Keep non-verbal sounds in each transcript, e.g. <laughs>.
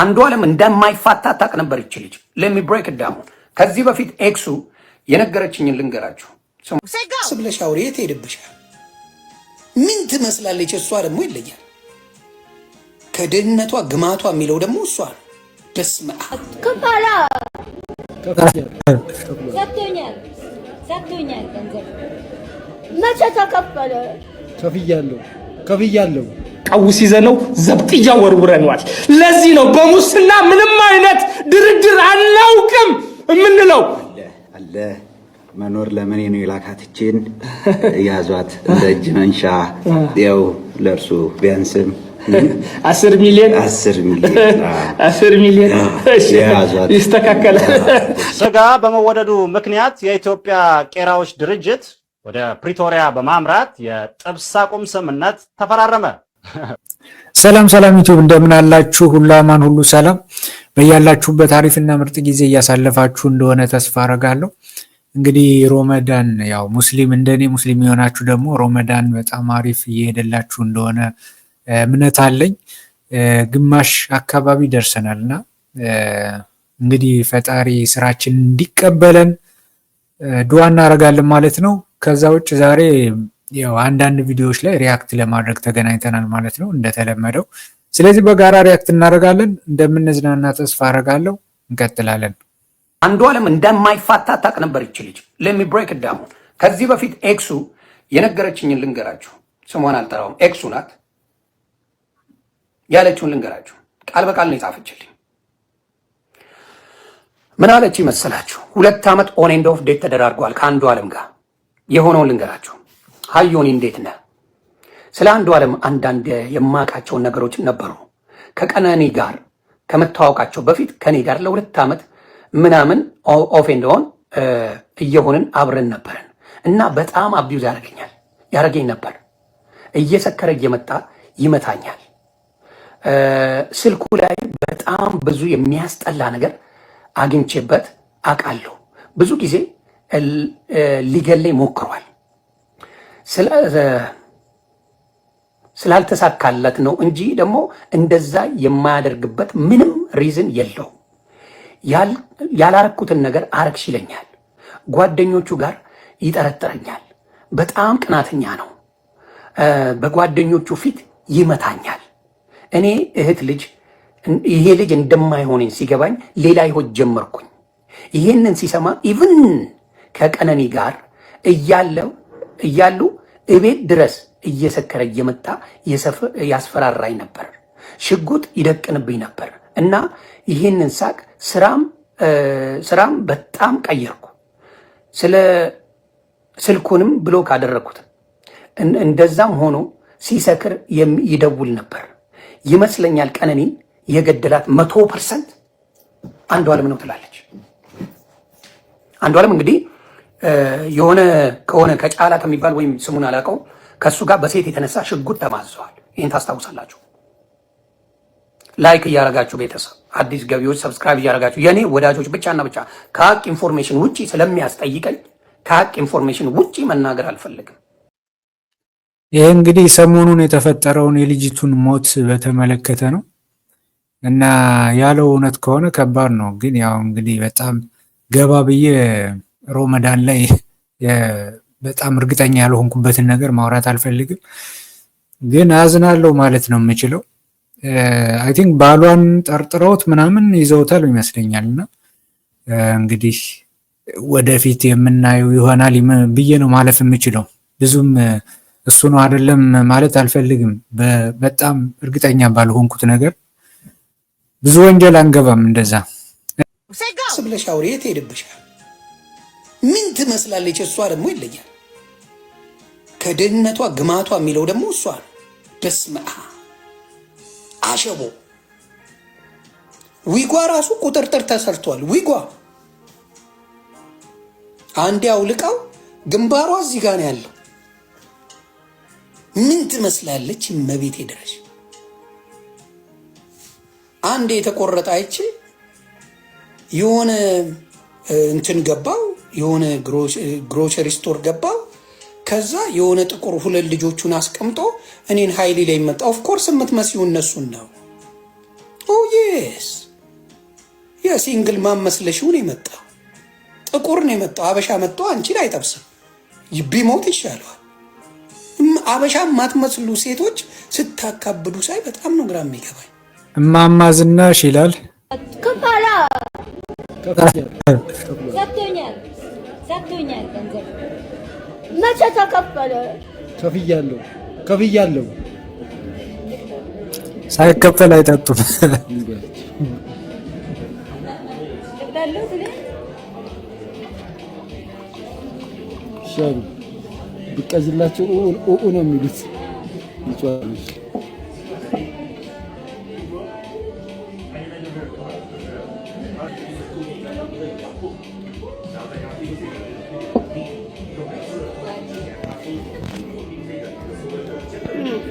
አንዱ አለም እንደማይፋታ ታቅ ነበር ይች ልጅ ለሚ ብሬክ ዳሙ ከዚህ በፊት ኤክሱ የነገረችኝን ልንገራችሁ። ስብለሽ አውሬ የት ሄድብሻል? ምን ትመስላለች? እሷ ደግሞ ይለያል ከድህነቷ ግማቷ የሚለው ደግሞ እሷ ነው። በስመ አብ ከፍያለሁ ከፍያለሁ ቀውስ ይዘነው ዘብጥያ ወርውረነዋል። ለዚህ ነው በሙስና ምንም አይነት ድርድር አናውቅም የምንለው። አለ መኖር ለምን ነው የላካትችን <laughs> ያዟት እንደ መንሻ ው ለእርሱ ቢያንስም <laughs> አስር ሚሊዮን አስር ሚሊዮን <laughs> ይስተካከላል። ስጋ በመወደዱ ምክንያት የኢትዮጵያ ቄራዎች ድርጅት ወደ ፕሪቶሪያ በማምራት የጥብስ አቁም ስምምነት ተፈራረመ። ሰላም ሰላም ዩቱብ እንደምን አላችሁ? ሁሉ አማን፣ ሁሉ ሰላም በያላችሁበት አሪፍና ምርጥ ጊዜ እያሳለፋችሁ እንደሆነ ተስፋ አረጋለሁ። እንግዲህ ሮመዳን ያው ሙስሊም እንደኔ ሙስሊም የሆናችሁ ደግሞ ሮመዳን በጣም አሪፍ እየሄደላችሁ እንደሆነ እምነት አለኝ። ግማሽ አካባቢ ደርሰናል እና እንግዲህ ፈጣሪ ስራችን እንዲቀበለን ድዋ እናደርጋለን ማለት ነው። ከዛ ውጭ ዛሬ ያው አንዳንድ ቪዲዮዎች ላይ ሪያክት ለማድረግ ተገናኝተናል ማለት ነው እንደተለመደው። ስለዚህ በጋራ ሪያክት እናደርጋለን። እንደምንዝናና ተስፋ አደርጋለሁ። እንቀጥላለን። አንዱ አለም እንደማይፋታ ታቅ ነበር ይች ልጅ ለሚ ብሬክ ዳውን። ከዚህ በፊት ኤክሱ የነገረችኝን ልንገራችሁ። ስሟን አልጠራውም። ኤክሱ ናት ያለችውን ልንገራችሁ። ቃል በቃል ነው የጻፈችልኝ። ምን አለች ይመስላችሁ? ሁለት ዓመት ኦን ኤንድ ኦፍ ዴት ተደራርገዋል ከአንዱ ዓለም ጋር የሆነውን ልንገራችሁ ሀዮኒ እንዴት ነህ? ስለ አንዱ ዓለም አንዳንድ የማውቃቸውን ነገሮች ነበሩ። ከቀነኒ ጋር ከመተዋወቃቸው በፊት ከኔ ጋር ለሁለት ዓመት ምናምን ኦፌ እንደሆን እየሆንን አብረን ነበረን እና በጣም አቢዩዝ ያደረገኛል ያደረገኝ ነበር። እየሰከረ እየመጣ ይመታኛል። ስልኩ ላይ በጣም ብዙ የሚያስጠላ ነገር አግኝቼበት አውቃለሁ። ብዙ ጊዜ ሊገለኝ ሞክሯል። ስላልተሳካለት ነው እንጂ ደግሞ እንደዛ የማያደርግበት ምንም ሪዝን የለው ያላረኩትን ነገር አረግሽ ይለኛል። ጓደኞቹ ጋር ይጠረጥረኛል። በጣም ቅናተኛ ነው። በጓደኞቹ ፊት ይመታኛል። እኔ እህት ልጅ ይሄ ልጅ እንደማይሆነኝ ሲገባኝ ሌላ ህይወት ጀመርኩኝ። ይሄንን ሲሰማ ኢቭን ከቀነኒ ጋር እያለው እያሉ እቤት ድረስ እየሰከረ እየመጣ ያስፈራራኝ ነበር፣ ሽጉጥ ይደቅንብኝ ነበር እና ይህንን ሳቅ ስራም በጣም ቀየርኩ። ስለ ስልኩንም ብሎክ አደረግኩት። እንደዛም ሆኖ ሲሰክር ይደውል ነበር። ይመስለኛል ቀነኒን የገደላት መቶ ፐርሰንት አንዷለም ነው ትላለች። አንዷለም እንግዲህ የሆነ ከሆነ ከጫላ ከሚባል ወይም ስሙን አላውቀው ከእሱ ጋር በሴት የተነሳ ሽጉጥ ተማዘዋል። ይህን ታስታውሳላችሁ። ላይክ እያረጋችሁ ቤተሰብ አዲስ ገቢዎች ሰብስክራይብ እያረጋችሁ የእኔ ወዳጆች ብቻና ብቻ ከሀቅ ኢንፎርሜሽን ውጭ ስለሚያስጠይቀኝ ከሀቅ ኢንፎርሜሽን ውጭ መናገር አልፈልግም። ይህ እንግዲህ ሰሞኑን የተፈጠረውን የልጅቱን ሞት በተመለከተ ነው እና ያለው እውነት ከሆነ ከባድ ነው። ግን ያው እንግዲህ በጣም ገባ ብዬ ሮመዳን ላይ በጣም እርግጠኛ ያልሆንኩበትን ነገር ማውራት አልፈልግም፣ ግን አዝናለሁ ማለት ነው የምችለው። አይ ቲንክ ባሏን ጠርጥረውት ምናምን ይዘውታል ይመስለኛል። እና እንግዲህ ወደፊት የምናየው ይሆናል ብዬ ነው ማለፍ የምችለው። ብዙም እሱ ነው አይደለም ማለት አልፈልግም። በጣም እርግጠኛ ባልሆንኩት ነገር ብዙ ወንጀል አንገባም። እንደዛ ስብለሽ የት ትሄድብሻል። ምን ትመስላለች? እሷ ደግሞ ይለያል። ከድህነቷ ግማቷ የሚለው ደግሞ እሷ ነው። በስመ አሸቦ ዊጓ ራሱ ቁጥርጥር ተሰርቷል። ዊጓ አንዴ አውልቃው ግንባሯ እዚህ ጋር ነው ያለው። ምን ትመስላለች? እመቤቴ ድረሽ አንዴ የተቆረጠ አይቼ የሆነ እንትን ገባው የሆነ ግሮሰሪ ስቶር ገባ። ከዛ የሆነ ጥቁር ሁለት ልጆቹን አስቀምጦ እኔን ሀይሊ ላይ መጣ። ኦፍኮርስ የምትመስዩ እነሱን ነው። ኦ የስ የሲንግል ማመስለሽውን የመጣው ጥቁር ነው የመጣው። አበሻ መጥቶ አንቺን አይጠብስም፣ ቢሞት ይሻለዋል። አበሻ ማትመስሉ ሴቶች ስታካብዱ ሳይ በጣም ነው ግራ የሚገባኝ። እማማ ዝናሽ ይላል ሰጥቶኛል ገንዘብ። መቼ ተከፈለ? ከፍያለሁ ከፍያለሁ። ሳይከፈል አይጠጡም። ብቀዝላቸው ቢቀዝላቸው ነው የሚሉት።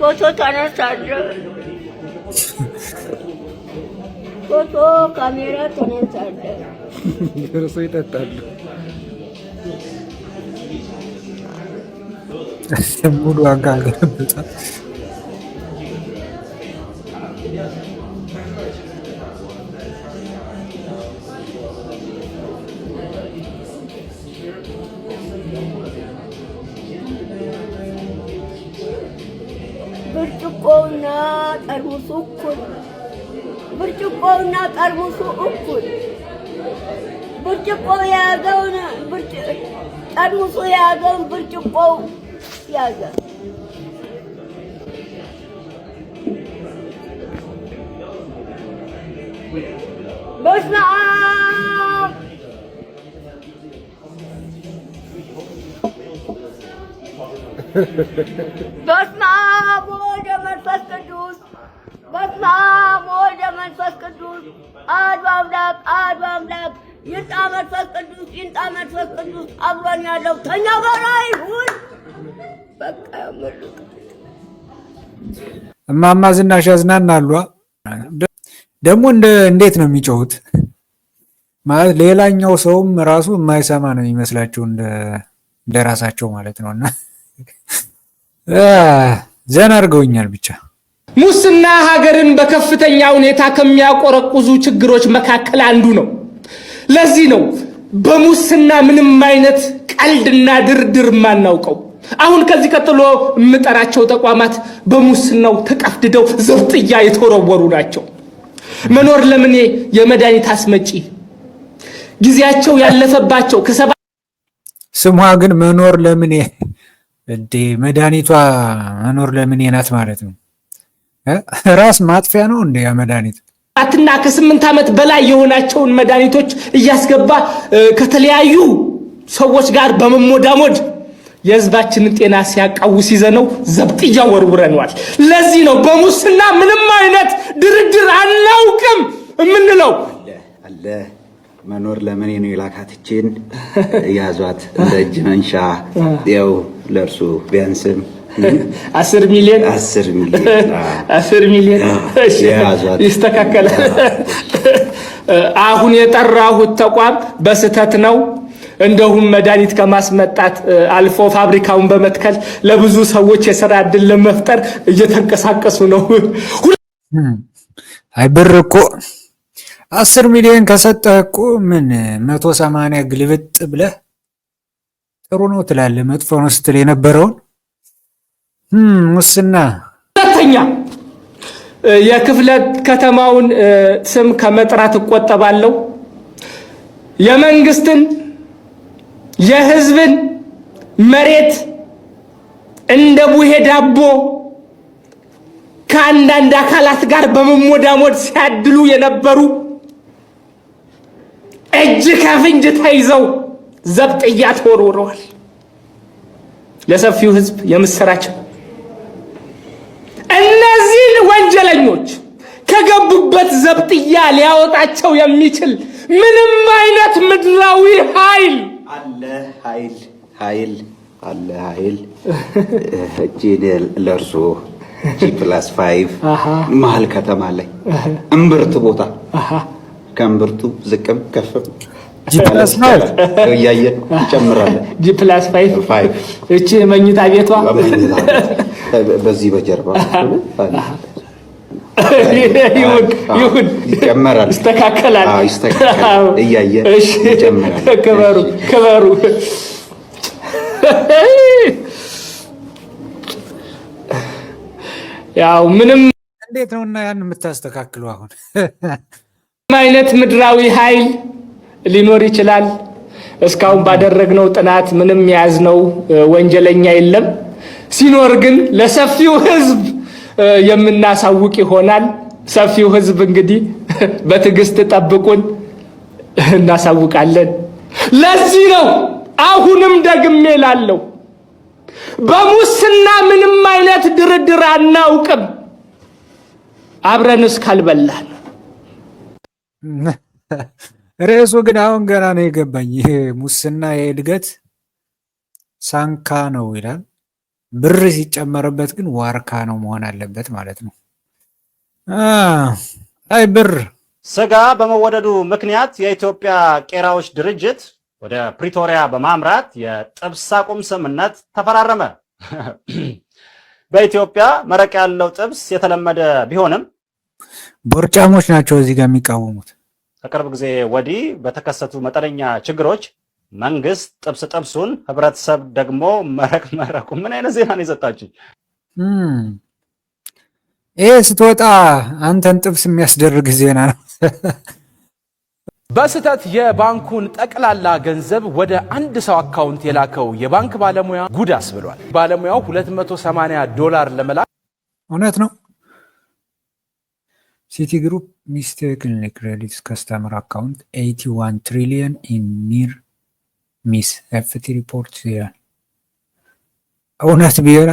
ፎቶ ተነሳለሁ። ፎቶ ካሜራ ተነሳለሁ። ደርሶ ይጠጣሉ። ሙሉ ጠርሙሱ እኩል፣ ብርጭቆውና ጠርሙሱ እኩል። ብርጭቆው የያዘውን ጠርሙሱ የያዘውን ብርጭቆው ያዘ። በስመ አብ በ እየገባን ያለው ተኛ ጋር አይሁን። በቃ ያመልጥ እማማ ዝናሽ ያዝናናሉ። ደግሞ እንዴት ነው የሚጮሁት? ማለት ሌላኛው ሰውም ራሱ የማይሰማ ነው የሚመስላቸው እንደ ማለት ነው። እና ዘና አድርገውኛል ብቻ። ሙስና ሀገርን በከፍተኛ ሁኔታ ከሚያቆረቁዙ ችግሮች መካከል አንዱ ነው። ለዚህ ነው በሙስና ምንም አይነት ቀልድና ድርድር ማናውቀው? አሁን ከዚህ ቀጥሎ የምጠራቸው ተቋማት በሙስናው ተቀፍድደው ዝርጥያ የተወረወሩ ናቸው። መኖር ለምኔ የመድኃኒት አስመጪ ጊዜያቸው ያለፈባቸው ከሰባ ስሟ ግን መኖር ለምኔ እንዴ መድኃኒቷ መኖር ለምኔ ናት ማለት ነው። ራስ ማጥፊያ ነው እንደ ያ መድኃኒት አትና ከስምንት ዓመት በላይ የሆናቸውን መድኃኒቶች እያስገባ ከተለያዩ ሰዎች ጋር በመሞዳሞድ የህዝባችንን ጤና ሲያቃውስ ይዘነው ዘብጥያ ወርውረነዋል። ለዚህ ነው በሙስና ምንም አይነት ድርድር አናውቅም የምንለው። አለ መኖር ለምን ነው የላካትችን ያዟት እንደ እጅ መንሻ ው ለእርሱ ቢያንስም <laughs> አስር ሚሊዮን አስር ሚሊዮን ይስተካከላል። <laughs> አሁን የጠራሁት ተቋም በስህተት ነው። እንደሁም መድኃኒት ከማስመጣት አልፎ ፋብሪካውን በመትከል ለብዙ ሰዎች የስራ እድል ለመፍጠር እየተንቀሳቀሱ ነው። አይ ብር እኮ አስር ሚሊዮን ከሰጠህ እኮ ምን መቶ ሰማንያ ግልብጥ ብለህ ጥሩ ነው ትላለህ፣ መጥፎ ነው ስትል የነበረውን Hmm, ሙስና። ሁለተኛ የክፍለ ከተማውን ስም ከመጥራት እቆጠባለሁ። የመንግስትን የህዝብን መሬት እንደ ቡሄ ዳቦ ከአንዳንድ አካላት ጋር በመሞዳሞድ ሲያድሉ የነበሩ እጅ ከፍንጅ ተይዘው ዘብጥያ ተወርውረዋል። ለሰፊው ህዝብ የምስራችን ወንጀለኞች ከገቡበት ዘብጥያ ሊያወጣቸው የሚችል ምንም አይነት ምድራዊ ኃይል አለ ኃይል ኃይል አለ ኃይል እጄን ለእርሶ ጂ ፕላስ ፋይቭ መሀል ከተማ ላይ እምብርት ቦታ ከእምብርቱ ዝቅም ከፍም እያየን እንጨምራለን። ጂ ፕላስ ፋይቭ እቺ መኝታ ቤቷ በዚህ በጀርባ ይሁን ይጨመራል፣ ይስተካከላል፣ እያየ ክበሩ <laughs> ክበሩ። ያው ምንም እንዴት ነውና ያን የምታስተካክሉ አሁን ምንም አይነት ምድራዊ ኃይል ሊኖር ይችላል። እስካሁን ባደረግነው ጥናት ምንም የያዝነው ወንጀለኛ የለም። ሲኖር ግን ለሰፊው ህዝብ። የምናሳውቅ ይሆናል። ሰፊው ህዝብ እንግዲህ <laughs> በትዕግስት ጠብቁን፣ እናሳውቃለን። ለዚህ ነው አሁንም ደግሜ ላለው በሙስና ምንም አይነት ድርድር አናውቅም፣ አብረን እስካልበላን። <laughs> ርዕሱ ግን አሁን ገና ነው የገባኝ። ይሄ ሙስና የእድገት ሳንካ ነው ይላል። ብር ሲጨመርበት ግን ዋርካ ነው መሆን አለበት ማለት ነው። አይ ብር ስጋ በመወደዱ ምክንያት የኢትዮጵያ ቄራዎች ድርጅት ወደ ፕሪቶሪያ በማምራት የጥብስ አቁም ስምምነት ተፈራረመ። <clears throat> በኢትዮጵያ መረቅ ያለው ጥብስ የተለመደ ቢሆንም ቦርጫሞች ናቸው እዚህ ጋር የሚቃወሙት። ከቅርብ ጊዜ ወዲህ በተከሰቱ መጠነኛ ችግሮች መንግስት ጥብስ ጥብሱን፣ ህብረተሰብ ደግሞ መረቅ መረቁ። ምን አይነት ዜና ነው የሰጣችኝ ይህ ስትወጣ አንተን ጥብስ የሚያስደርግ ዜና ነው። በስህተት የባንኩን ጠቅላላ ገንዘብ ወደ አንድ ሰው አካውንት የላከው የባንክ ባለሙያ ጉዳስ ብሏል። ባለሙያው 280 ዶላር ለመላክ እውነት ነው። ሲቲ ግሩፕ ሚስቴክን ክሬዲት ከስተመር አካውንት 81 ትሪሊየን ኢን ኒር ሚስ ኤፍቲ ሪፖርት ይላል። እውነት ብሔራ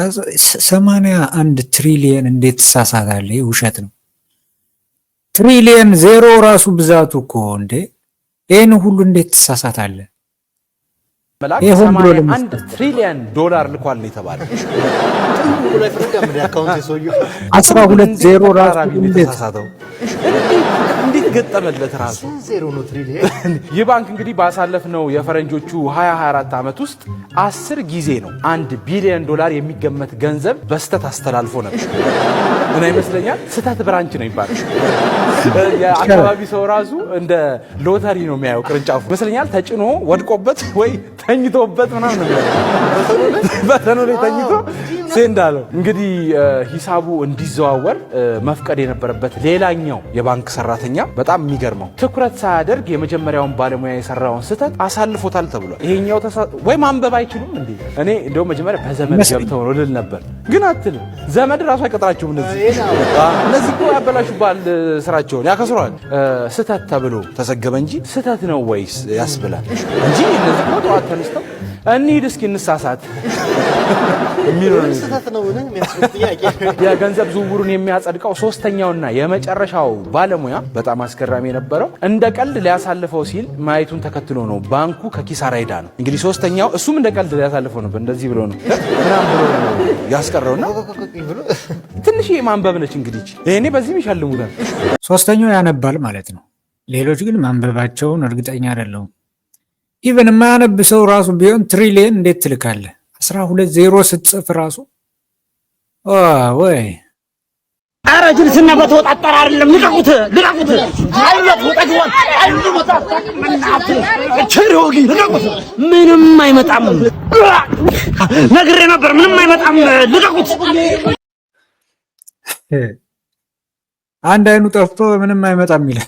ሰማንያ አንድ ትሪሊየን እንዴት ትሳሳታለ? ውሸት ነው። ትሪሊየን ዜሮ ራሱ ብዛቱ እኮ እንዴ! ይህን ሁሉ እንዴት ትሳሳታለ? መላክ 81 ትሪሊየን ዶላር ልኳል ነው የተባለ። አስራ ሁለት ዜሮ ራሱ እንዴት ገጠመለት ራሱ ይህ ባንክ እንግዲህ ባሳለፍነው የፈረንጆቹ 2024 ዓመት ውስጥ አስር ጊዜ ነው አንድ ቢሊዮን ዶላር የሚገመት ገንዘብ በስተት አስተላልፎ ነበር። ምን ይመስለኛል ስተት ብራንች ነው ይባላል። የአካባቢ ሰው ራሱ እንደ ሎተሪ ነው የሚያየው ቅርንጫፉ ይመስለኛል ተጭኖ ወድቆበት ወይ ተኝቶበት ምናምን ነው በተኑ ላይ ተኝቶ ሴንድ አለው። እንግዲህ ሂሳቡ እንዲዘዋወር መፍቀድ የነበረበት ሌላኛው የባንክ ሰራተኛ በጣም የሚገርመው ትኩረት ሳያደርግ የመጀመሪያውን ባለሙያ የሰራውን ስህተት አሳልፎታል ተብሏል። ይሄኛው ወይ ማንበብ አይችሉም እን እኔ እንደውም መጀመሪያ በዘመድ ገብተው ነው ልል ነበር፣ ግን አትል ዘመድ ራሱ አይቀጥራችሁም። እነዚህ እነዚህ እኮ ያበላሹባል፣ ስራቸውን ያከስሯል። ስህተት ተብሎ ተዘገበ እንጂ ስህተት ነው ወይስ ያስብላል እንጂ እነዚህ ጠዋት ተነስተው እንሂድ እስኪ እንሳሳት የገንዘብ ዝውውሩን የሚያጸድቀው ሶስተኛውና የመጨረሻው ባለሙያ በጣም አስገራሚ የነበረው እንደ ቀልድ ሊያሳልፈው ሲል ማየቱን ተከትሎ ነው ባንኩ ከኪሳራ ሄዳ ነው። እንግዲህ ሶስተኛው እሱም እንደ ቀልድ ሊያሳልፈው ነበር። እንደዚህ ብሎ ነው ብሎ ያስቀረውና ትንሽ ማንበብ ነች እንግዲህ ይሄኔ በዚህም ይሸልሙታል። ሶስተኛው ያነባል ማለት ነው። ሌሎች ግን ማንበባቸውን እርግጠኛ አይደለሁም። ኢቨን የማያነብ ሰው ራሱ ቢሆን ትሪሊየን እንዴት ትልካለ? አስራ ሁለት ዜሮ ስትጽፍ ራሱ ወይ አረ ጅልስና በተወጣጠረ አይደለም። ልቀቁት፣ ልቀቁት። ምንም አይመጣም። ነግሬ ነበር፣ ምንም አይመጣም። ልቀቁት። አንድ አይኑ ጠፍቶ ምንም አይመጣም ይላል።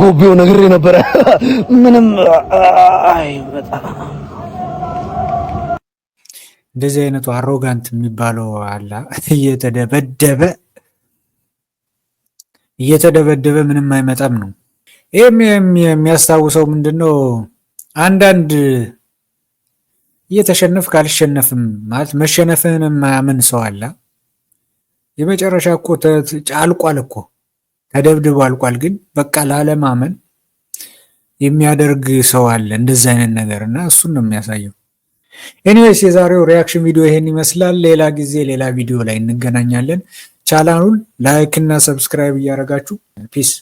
ጎቤው ነገር ነበረ። ምንም አይ እንደዚህ አይነቱ አሮጋንት የሚባለው አላ እየተደበደበ እየተደበደበ ምንም አይመጣም ነው። ይህም የሚያስታውሰው ምንድን ነው? አንዳንድ እየተሸነፍ ካልሸነፍም ማለት መሸነፍህን የማያምን ሰው አለ። የመጨረሻ እኮ ጫልቋል እኮ ተደብድቦ አልቋል። ግን በቃ ላለማመን የሚያደርግ ሰው አለ እንደዚህ አይነት ነገር እና እሱን ነው የሚያሳየው። ኤኒዌይስ የዛሬው ሪያክሽን ቪዲዮ ይሄን ይመስላል። ሌላ ጊዜ ሌላ ቪዲዮ ላይ እንገናኛለን። ቻናሉን ላይክ እና ሰብስክራይብ እያደረጋችሁ ፒስ